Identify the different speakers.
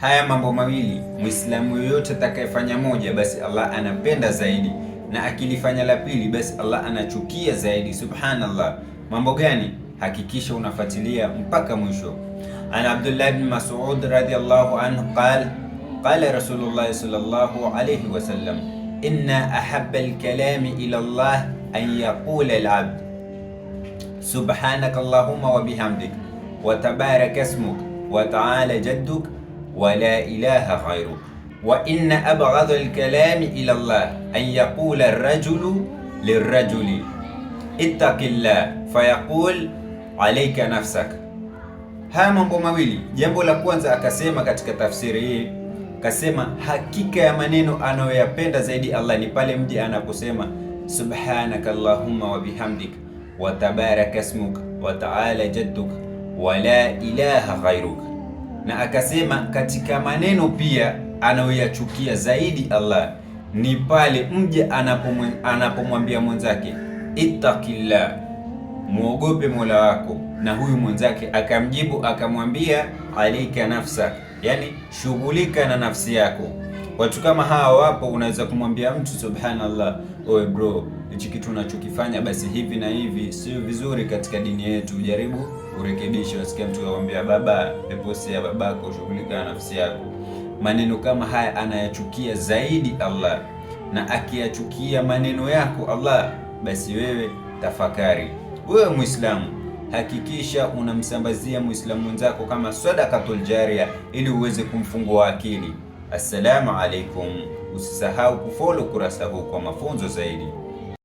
Speaker 1: Haya mambo mawili Mwislamu yoyote atakayefanya moja, basi Allah anapenda zaidi, na akilifanya la pili, basi Allah anachukia zaidi. Subhanallah. Mambo gani? Hakikisha unafuatilia mpaka mwisho. An Abdullah bn Mas'ud radhiyallahu anhu qala qala Rasulullah sallallahu alayhi wasallam inna ahaba lkalami ila llah an yaqula labd subhanaka llahuma wabihamdik bihamdik smuk wataala ismuk wa la ilaha ghairu wa inna abghadha alkalami ila Allah an yaqula ar-rajulu lirrajuli ittaqillah fayaqul alayka nafsak. Haya mambo mawili, jambo la kwanza akasema katika tafsiri hii Kasema hakika ya maneno anayoyapenda zaidi Allah ni pale mji anaposema subhanaka allahumma wa bihamdik wa tabaraka ismuk wa taala jadduk wa la ilaha ghairuka na akasema katika maneno pia anayoyachukia zaidi Allah ni pale mja anapomwambia mwenzake ittaqillah, muogope mola wako, na huyu mwenzake akamjibu akamwambia alaika nafsa yani shughulika na nafsi yako. Watu kama hawa wapo, unaweza kumwambia mtu subhanallah, oe bro, hichi kitu unachokifanya basi hivi na hivi sio vizuri katika dini yetu, jaribu urekebishe. Wasikia mtu akwambia baba, eposi ya babako, shughulika na nafsi yako. Maneno kama haya anayachukia zaidi Allah, na akiyachukia maneno yako Allah, basi wewe tafakari, wewe Muislamu, hakikisha unamsambazia Muislamu mwenzako kama sadaqatul jariya, ili uweze kumfungua akili. Assalamu alaikum. Usisahau kufollow kurasa huu kwa mafunzo zaidi.